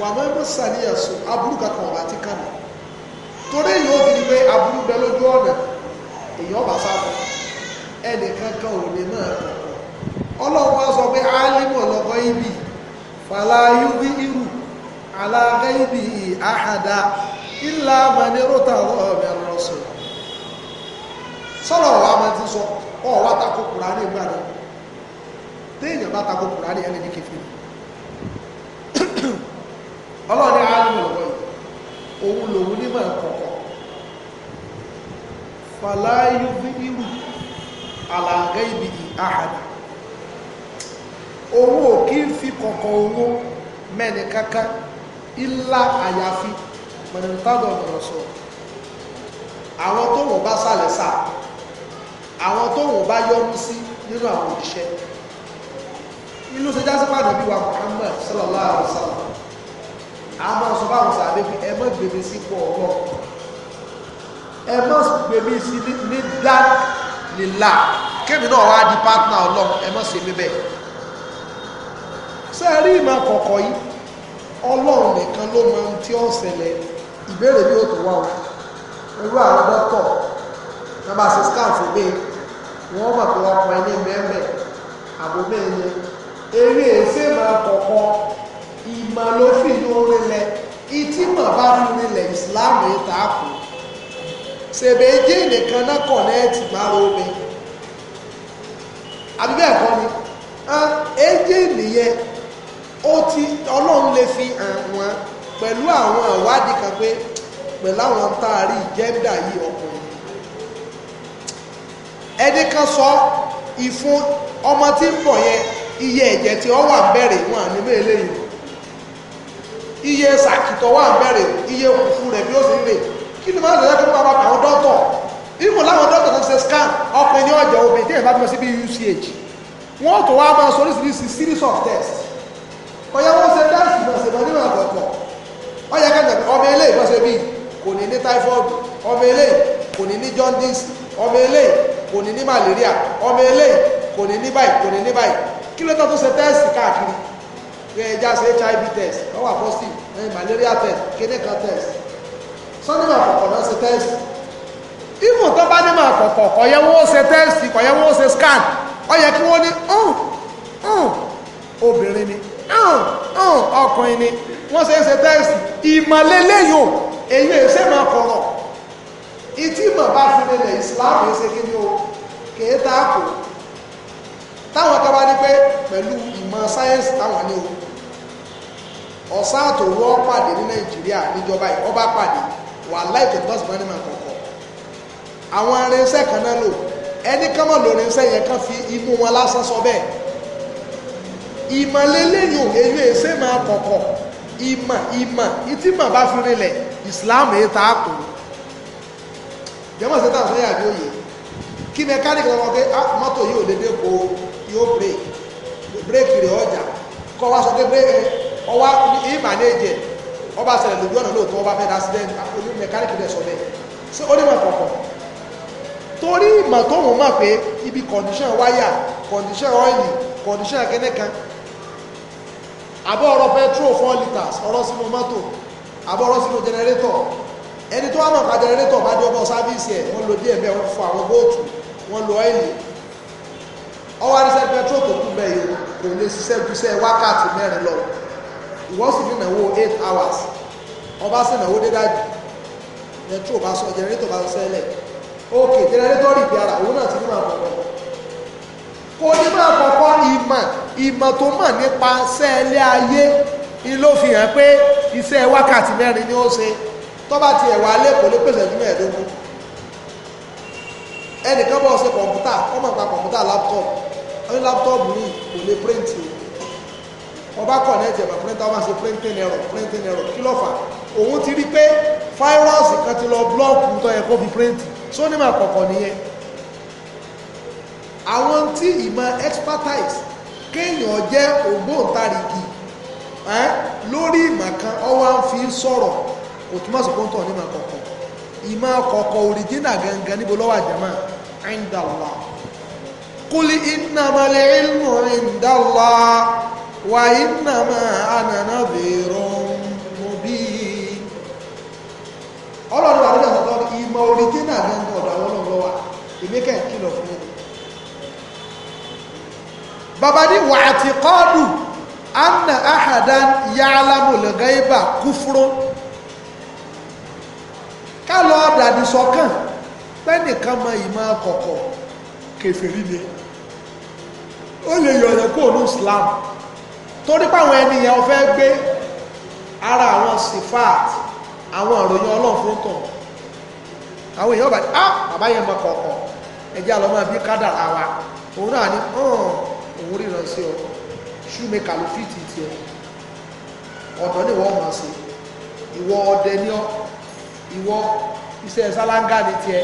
wà máa mọ̀ sàní ẹ̀sùn aburú kankan ọ̀bà ti kàmì torí èyí ó fi ni pé aburú bẹ lójú ọ̀nà èyí ọ̀bà sáfọ ẹnì kankan ò lè máa kọ̀ ọlọ́run wá sọ pé álímù ọ̀lọ́kọ́ ibi fàlàyé bí irú alága ibi àhàdá ilà àmàlérò ọ̀bẹ̀ rọ̀ṣọ̀ sọ́lọ̀ ọ̀wá máa ti sọ ọ̀wá takò kùránì gbàdọ̀ téèyàn bá takò kùránì ní kẹfì ọlọ́ọ̀ni àálùmí ọ̀wọ́ yìí òun lòun ní máa kọ̀kọ̀ fàláyú irú àlàgẹ́ ibi àhàdà òun ò kí ń fi kọ̀kọ̀ owó mẹ́ni kankan ilá àyàfi pẹ̀lẹ̀ntàdọ̀ ọ̀rọ̀ sọ àwọn tó wọ́n bá sàlẹ̀ sà àwọn tó wọ́n bá yọ́nú sí nínú àwọn òṣìṣẹ́ inú ṣe já bí wa Muhammad sallallahu alaihi wasallam a máa sọ báwọn sàbẹ pé ẹ má gbèmí sí pọ ọlọ ẹ má gbèmí sí ní dá nílà kébì náà wá di pátánà Ọlọ́run ẹ má ṣe mí bẹ́ẹ̀ ṣe rí ìmọ̀ kọ̀ọ̀kọ̀ yìí Ọlọ́run nìkan ló mọ ohun tí ó ṣẹlẹ̀ ìbéèrè bí ó tó wà o irú àwọn dọ́tọ̀ nọ́mbà six kan fún mi wọ́n mọ̀ pé wọ́n pa ilé mẹ́mẹ́ àbò mẹ́rin eré èsè máa kọ̀ọ̀kan. ma n'ofe n'ole iti ma ba nri le islam ita sebe eje ne kana connect mara obe abibia ẹkọ ni eje niye oti ọlọrun le fi wọn pẹlu awọn awadi kan pe pẹlu awọn taari gẹnda yi ọkùnrin ẹni kan sọ ìfún ọmọ tí eje bọ yẹ wa bere tí ọ wà bẹrẹ iye sàkìtọ̀ wà bẹ̀rẹ̀ iye kùfù rẹ̀ bí ó sì ń rè kí ni máa ń sọ̀rọ̀ pé bàbá àwọn dọ́tọ̀ ìmọ̀ láwọn dọ́tọ̀ tó ṣe scan ọkùnrin ní ọjà obìnrin tí èèyàn bá ti lọ sí bí UCH wọ́n tó wá máa sọ oríṣiríṣi series of tests ọ̀yà wọ́n ṣe test ìbọ̀sẹ̀ ìbọn níwọ̀n àkọ́kọ́ ọ̀yà kẹ́kẹ́ ọmọ ilé ìbọ̀sẹ̀ bíi kò ní ní typhoid ọmọ ilé kò ní ní jaundice ọmọ ilé kò ní ní malaria ọmọ ilé kò ní ní báyìí kò ní ní báyìí kí ló tó tó ṣe test káàkiri ẹ já sí hiv test wọ́n wà positive ẹ malaria test kíní kan test sọ́ni máa kọ̀kọ̀ náà ṣe test ìfò tó bá ní máa kọ̀kọ̀ kọ̀ yẹ wọ́n ṣe test kọ̀ yẹ wọ́n ṣe scan ọ yẹ kí wọ́n ní obìnrin ni ọkùnrin ni wọ́n ṣe ń ṣe test ìmọ̀lélẹ́yò èyí ẹ̀ṣẹ́ máa kọ̀rọ̀ ìtí mọ̀ bá fi lélẹ̀ islam ẹ̀ ṣe kí ni o kèé tá a kò táwọn tó bá ní pé pẹ̀lú ìmọ̀ sáyẹ́nsì táwọn ní o ọ̀sán àtòwú ọ̀pàdé ní nàìjíríà níjọba yìí ọba pàdé wà láìpẹ́ tó àwọn irinṣẹ́ kan náà lò ẹni kan mọ̀ lórí irinṣẹ́ yẹn kan fi imú wọn lásán sọ bẹ́ẹ̀ ìmọ̀lẹ́ lẹ́yìn èyí èsè máa kọ̀ọ̀kọ̀ ìmọ̀ ìmọ̀ ìtí mọ̀ bá fi rinlẹ̀ ìsìláàmù yìí ta kù jẹ́mọ̀ sẹ́tà sọ́yà bí kí mẹkáníkì lọ́wọ́ pé ah, mọ́tò yìí ò yóò bírèkì rẹ̀ ọjà kọ́ wa sọ pé bírèkì ọwọ́ ìmàlẹ́jẹ ọba ṣẹlẹ̀ lójú ọ̀nà lóòótọ́ ọba fẹ́ dásílẹ̀ oní mẹkáníkì rẹ̀ sọ bẹ́ẹ̀ ṣé ó nímọ̀ kọ̀ọ̀kan torí ìmọ̀ tó wọ́n mọ̀ pé ibi condition wáyà condition ọ́ìlì condition kẹ́nẹ́kan àbọ̀ ọ̀rọ̀ petrol four litres ọ̀rọ̀ sínú mọ́tò àbọ̀ ọ̀rọ̀ sínú generator ẹni tó wà mọ̀ ká generator bá dé ọmọ sáfíìsì ẹ̀ wọ́n lo díẹ̀ bẹ́ẹ̀ wọ́n fọ àwọn bóòtù wọ́n lo ọ́ìlì ọwọ́ àdìsẹ́ petrol tó kú bẹ́ẹ̀ yìí kò lè ṣiṣẹ́ ju iṣẹ́ wákàtí mẹ́rin lọ ìwọ sì fi nàwó eight hours ọba sì nàwó dédájú metro bá sọ jẹnẹrétọ̀ bá sẹ́lẹ̀ ok jẹnẹrétọ̀ rì bí ara òun náà ti ní máa kọ̀kọ́ kò ní máa kọ̀kọ́ ìmọ̀ ìmọ̀ tó mọ̀ nípa sẹ́ẹ̀lẹ̀ ayé ni ló fi hàn pé iṣẹ́ wákàtí mẹ́rin ni ó ṣe tọ́ba ti ẹ̀wà alẹ́ kò lè pèsè ọdún mẹ́ẹ̀ẹ́dógún ẹnìkan bọ́ ṣe kọ̀ǹpútà ọmọ ìpa kọ̀ǹpútà láptọ̀pù ọdún láptọ̀pù yìí kò lè píríǹtì ọba connect ẹ̀bà printer máa ṣe printing nero printing nero kí ló fà òun ti rí pé virus kan ti lọ blọ́ọ̀kù tó yẹ kó fi print so ní máa kọ̀kọ̀ nìyẹn àwọn tí ìmọ̀ expertise kéèyàn jẹ́ ògbóǹtarìgì lórí ìmọ̀ kan ọwọ́ à ń fi sọ̀rọ̀ kò túmọ̀ sí pọ́ńtọ̀ ní máa kọ̀kọ̀ ìmọ̀ kọ̀kọ̀ original gangan níbo lọ́wọ́ àjàmọ́ indala kuli innamal ilmu indala. وإنما أنا نذير مبين ọlọ́run àdúgbò àtọ́tọ́ ìmọ̀ oríjínà gẹ́gẹ́ ọ̀dọ̀ àwọn ọlọ́run lọ́wà ìmẹ́kẹ́ ìkìlọ̀ fún ẹni bàbá ní wà àti kọ́ọ̀dù anna ahadan ya alámùlẹ̀gá ibà kú fúró ká lọ pẹ́nìkan mọ ìmọ̀ kọ̀kọ̀ kẹfẹ́rí ni ó lè yọ̀ọ̀yọ̀ kó o ní Islam torí páwọn ẹni yẹn ọfẹ́ gbé ara àwọn sifat àwọn ìròyìn ọlọ́run fún tàn àwọn èèyàn bá ah bàbá yẹn mọ kọ̀ọ̀kọ̀ ẹjẹ́ àlọ́mọ bí kádàrà wa òun náà ní hàn òun ríran sí ọ ṣúmẹ́kà ló fìtì tiẹ̀ ọ̀dọ́ ni wọ́n mọ̀ sí ìwọ ọdẹ ní ọ ìwọ iṣẹ́ sálángà ní tiẹ̀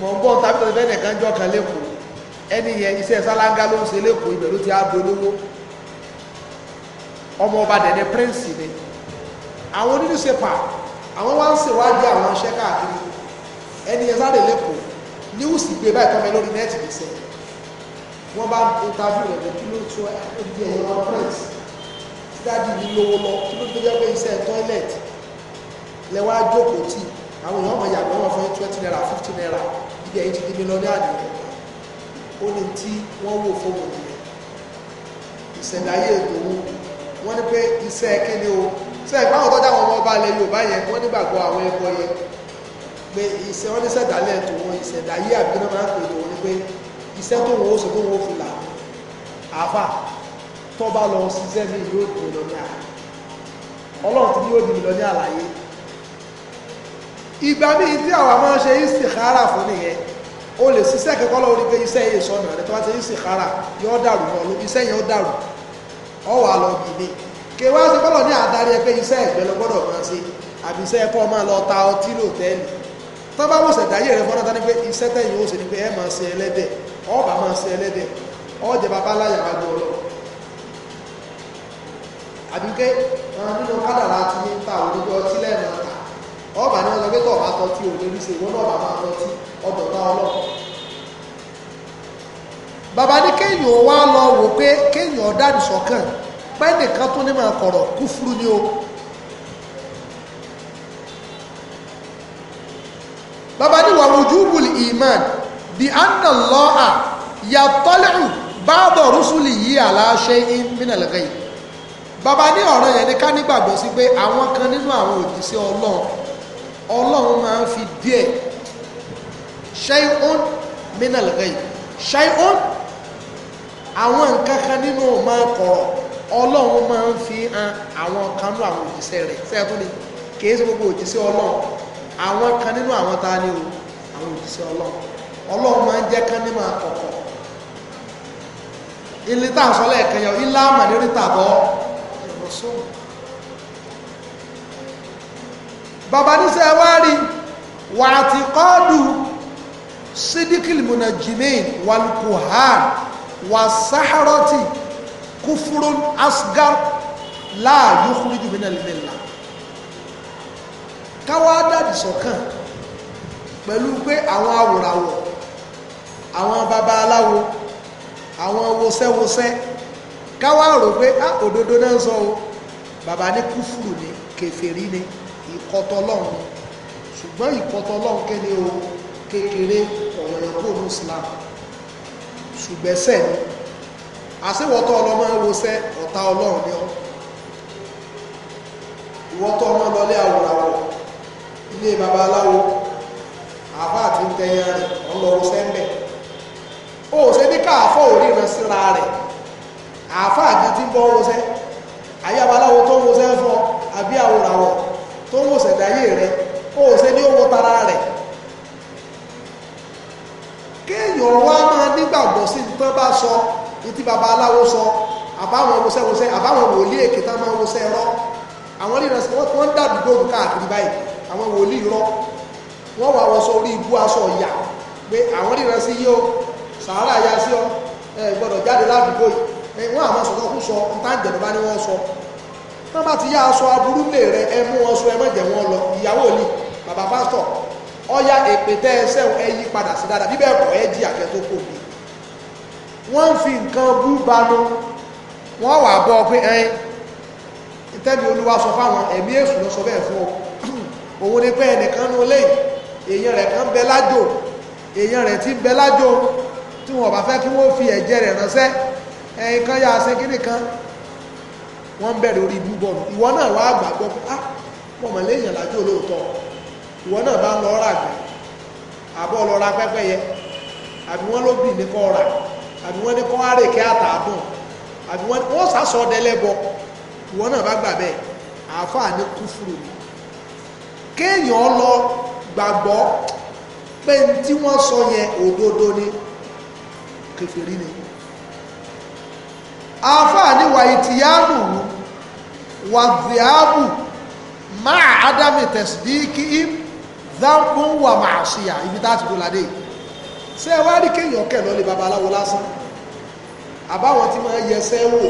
mọ̀ ń bọ̀ tàbí tọ́jú fẹ́ nìkan jọ kan lẹ́kọ̀ọ́ ẹni yẹn iṣẹ́ sálángà ló ń ṣe lẹ́kọ̀ọ́ ibẹ̀ ló ti á dolówó ọmọ ọba dẹ̀dẹ̀ prince ni àwọn onídùúsẹ́pà àwọn wá ń ṣèwádìí àwọn iṣẹ́ káàkiri ẹni yẹn sáré lẹ́kọ̀ọ́ níwùsì gbé báyìí tọ́mọ lórí nẹ́ẹ̀tì nìṣẹ́ wọ́n bá interview rẹ̀ kí ló tó ẹbí ẹ̀yẹ wọn prince tí dájú yìí lówó lọ kí ló tó jẹ́ pé iṣẹ́ toilet lẹ́wọ́ àjókòó tì àwọn èèyàn ọmọ yàgbọ́n wọn fún twenty naira fifty naira ibi ẹ̀yìn ti di mílíọ̀nù àdìyẹ ó ní tí wọ́n wò fóònù yẹn ìṣẹ̀lẹ̀ ayé ètò òun wọ́n ní pé iṣẹ́ kíni o ṣe ìpá àwọn tọ́jà àwọn ọmọ ọba ilẹ̀ Yorùbá yẹn wọ́n nígbàgbọ́ àwọn ẹbọ yẹn pé iṣẹ́ wọ́n ní sẹ̀dálẹ̀ tó wọn ìṣẹ̀dáyé àbí náà máa ń pè tó wọn ni pé iṣẹ́ tó wọn ó ṣe tó wọn ó fi là àáfà tó bá lọ ṣiṣẹ́ mi yóò dùn lọ ní àlàyé Ọlọ́run ti ní yóò dùn lọ ní àlàyé ìgbà míì tí àwa máa ń ṣe istikhara fún nìyẹn o lè ṣiṣẹ́ kẹ́kọ́ lọ́wọ́ ní pé iṣẹ́ yìí sọnù rẹ̀ tó bá ṣe istikhara yóò dàrú náà iṣẹ́ yẹn ó dàrú ọwọ́ àlọ́ dìde kí wá sí bọ́lọ̀ ní àdarí ẹgbẹ́ iṣẹ́ ẹ̀gbẹ́ lọ gbọ́dọ̀ máa ṣe àbí iṣẹ́ ẹ̀kọ́ máa lọ ta ọtí lòtẹ́ẹ̀lì tó bá wòsàn dáyé rẹ fọ́nà tání pé iṣẹ́ tẹ̀yìn ó ṣe ni pé ẹ máa ṣe ẹlẹ́dẹ̀ ọba máa ṣe ẹlẹ́dẹ̀ ọjẹ́ bàbá láyà wá gbọ́ lọ. àbí pé nínú kádàrá ti ní ta òdodo ọtí lẹ́ẹ̀mọ́ta ọba ní wọn sọ pé tó ọba òdodo ṣe ìwọ náà ọba máa tọ́tí ọdọ̀ náà bàbá ní kéèyàn wá lọ wò pé kéèyàn dàdí sọ́kàn pé nìkan tó ní máa kọ̀rọ̀ kúfúrú ni o bàbá ní wà wujubul iman bi anna Allaha yattali'u ba'da rusulihi ala shay'in minal ghaib bàbá ní ọ̀rọ̀ yẹn ni ká nígbàgbọ́ sí pé àwọn kan nínú àwọn òjíṣẹ́ ọlọ́run ọlọ́run máa ń fi díẹ̀ shay'un minal ghaib shay'un àwọn nǹkan kan nínú máa kọ̀rọ̀ ọlọ́run máa ń fi han àwọn kan nínú àwọn òjíṣẹ́ rẹ̀ sẹ́yìn tó ní kìí ṣe gbogbo òjíṣẹ́ ọlọ́run àwọn kan nínú àwọn ta ni o àwọn òjíṣẹ́ ọlọ́run ọlọ́run máa ń jẹ́ kán ní máa ilé tá à sọ lẹ́ẹ̀kan yẹn ilé àmàlẹ́rì tàbọ̀ ẹ̀rọ sóhùn bàbá níṣẹ́ wá rí wàá ti kọ́ lù sídìkìlì mọ̀nà jìmíìn wàlùkù hàn wà sáhárọ́tì kúfúrún asgar láàyò kúrújù bí nàìjíríà káwá dàdì sọ̀kan pẹ̀lú pé àwọn awòràwọ̀ àwọn baba aláwo àwọn wosẹ́wosẹ́ káwá rò pé á ah, òdodo náà sọ o bàbá ní kúfúrú ni kèfèrí ni ìkọtọlọ́run ṣùgbọ́n ìkọtọlọ́run kéde o kékeré ọ̀rọ̀ ẹ̀kọ́ ní Islam ṣùgbọ́n ẹ̀ṣẹ̀ ni àṣewọ́tọ́ ọlọ́mọ ń wọṣẹ́ ọ̀tá ọlọ́run ni ọ́ ìwọ́tọ́ ọmọ lọlé àwòràwọ̀ ilé babaláwo àbá àti ntẹ̀yìn rẹ̀ ọlọ́run sẹ́ńbẹ̀ ó ṣe ní káàfọ́ òríran síra rẹ̀ àáfà àti tí ń bọ́ wọṣẹ́ ayé babaláwo tó ń wọṣẹ́ fún ọ àbí àwòràwọ̀ tó ń wọṣẹ̀ dáyé rẹ̀ ó ṣe ní owó tara rẹ̀ kéèyàn wá máa nígbàgbọ́ sí tán bá sọ ìtí baba aláwo sọ àbáwọn wosẹ́wosẹ́ àbáwọn wòlíì èké tán máa wosẹ́ rọ́ àwọn ilé ìrẹsì wọ́n dàdúgbò káàkiri báyìí àwọn wòlíì rọ́ wọ́n wà wọ́n sọ orí ibú aṣọ ìyà pé àwọn ìran sí yí sàárà ya sí ọ ẹ gbọ́dọ̀ jáde ládùúgbò yìí wọ́n àmọ́ sọ̀tọ̀ kú sọ ń tán jẹ̀dọ̀ bá ní wọ́n sọ tán bá ti yá aṣọ aburú lè rẹ ẹ mú wọn sọ ẹ má jẹ́ wọn lọ ìyàwó ni bàbá pásítọ̀ ọya èpètẹ ẹsẹ ẹ yí padà sí dáadáa bíbẹ ẹkọ ẹ jí àkẹ tó kò bí wọn ń fi nǹkan bú banu wọn wà bọ pé ẹyin ìtẹ́bi olúwa sọ fáwọn ẹ̀mí èṣù lọ sọ bẹ́ẹ̀ fún ọ òun ni pé ẹnìkan ní olè èèyàn rẹ̀ kan bẹ lájò èèyàn rẹ̀ ti bẹ lájò tí wọn bá fẹ́ kí wọ́n fi ẹ̀jẹ̀ rẹ̀ ránṣẹ́ ẹyin kan yá aṣẹ kíni kan wọ́n ń bẹ̀rẹ̀ orí ibú bọ̀nù ìwọ náà wàá gbàgbọ́ pé ah mọ̀mọ́lẹ́yìn làjò lóòótọ́ ìwọ náà bá lọ rà gbẹ àbọ̀ lọ ra pẹ́pẹ́yẹ àbí wọ́n ló bì ní kọ́ rà àbí wọ́n ní kọ́ àrèké àtàdùn àbí wọ́n wọ́n sàsọ dẹlẹ́bọ ìwọ náà bá gbà bẹ́ẹ̀ àáfàá ní kúfùrù ni kéèyàn lọ gbàgbọ́ pé tí wọ́n sọ yẹn òdodo ni kèfèrí ni àáfàá ní wàyí tìyáàbù máa ádámì tẹ̀sídìí kí dákun wà máa ṣìyà ibi tá a ti dúládé ṣé ẹ wá rí kéèyàn kẹ̀ lọ lé babaláwo lásán àbáwọn tí máa yẹsẹ́ wò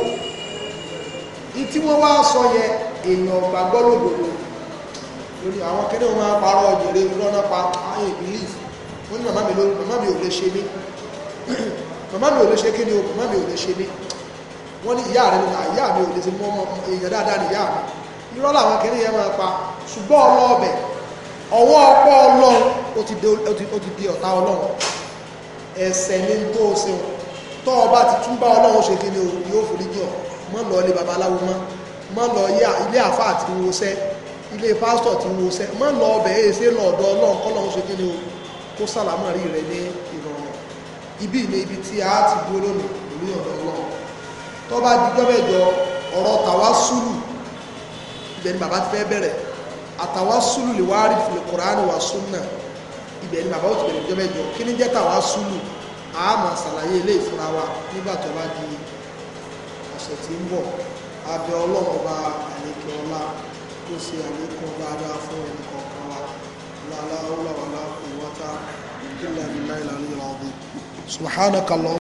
tí wọ́n wá sọ yẹn èèyàn gbàgbọ́ lòdòdò lórí àwọn kéde wọn máa parọ́ òjèrè lọ́nà pa ayé belief wọ́n ní màmá mi lórí màmá mi ò lè ṣe mí màmá mi ò lè ṣe kí ni o màmá mi ò lè ṣe mí wọ́n ní ìyá rẹ̀ nínú ìyá mi ò lè ṣe mọ́ èèyàn dáadáa ní ìyá mi irọ́ làwọn kéde yẹn máa pa ṣùgbọ́n ọlọ́ọ̀bẹ̀ ọwọ́ ọpọ́ ọlọ́run ó ti di ọ̀tá ọlọ́run ẹ̀ṣẹ̀ ní tó o ṣe tó o ti tún bá ọlọ́run ṣe kí ni o yóò foríjì ọ mọ́ lọ ilé babaláwo mọ́ mọ́ lọ ilé àfáà tí wo sẹ́ ilé pásítọ̀ tí wo sẹ́ mọ́ lọ ọbẹ̀ èsè lọ́ọ̀dọ̀ ọlọ́run kọ́lọ́run ṣe kí ni o kó sàlámà rí rẹ ní ìrọ̀rùn ibi ilé ibi tí a ti dúró lónìí pẹ̀lú ọ̀dọ̀ ọlọ́run tó bá di jọ́bẹ̀jọ ọ̀rọ̀ tàwa sùúrù ibẹ̀ ni bàbá ti fẹ́ bẹ̀rẹ̀ àtàwásùlù lè wá rí fìlẹ̀ kùránì wà súnà ibẹ̀ ni bàbá ó ti bẹ̀rẹ̀ jọ́mẹ́jọ kí ni jẹ́ tàwásùlù a máa ṣàlàyé ilé ìfura wa nígbà tó bá di ọ̀sẹ̀ tí ń bọ̀ abẹ ọlọ́run ọba àlékè ọlá tó ṣe àlékún dáadáa fún ẹnì kọ̀ọ̀kan wa lálá ó làwọn aláàfin wáta ìdílé àbíláì làlẹ́ ìlànà subhanaka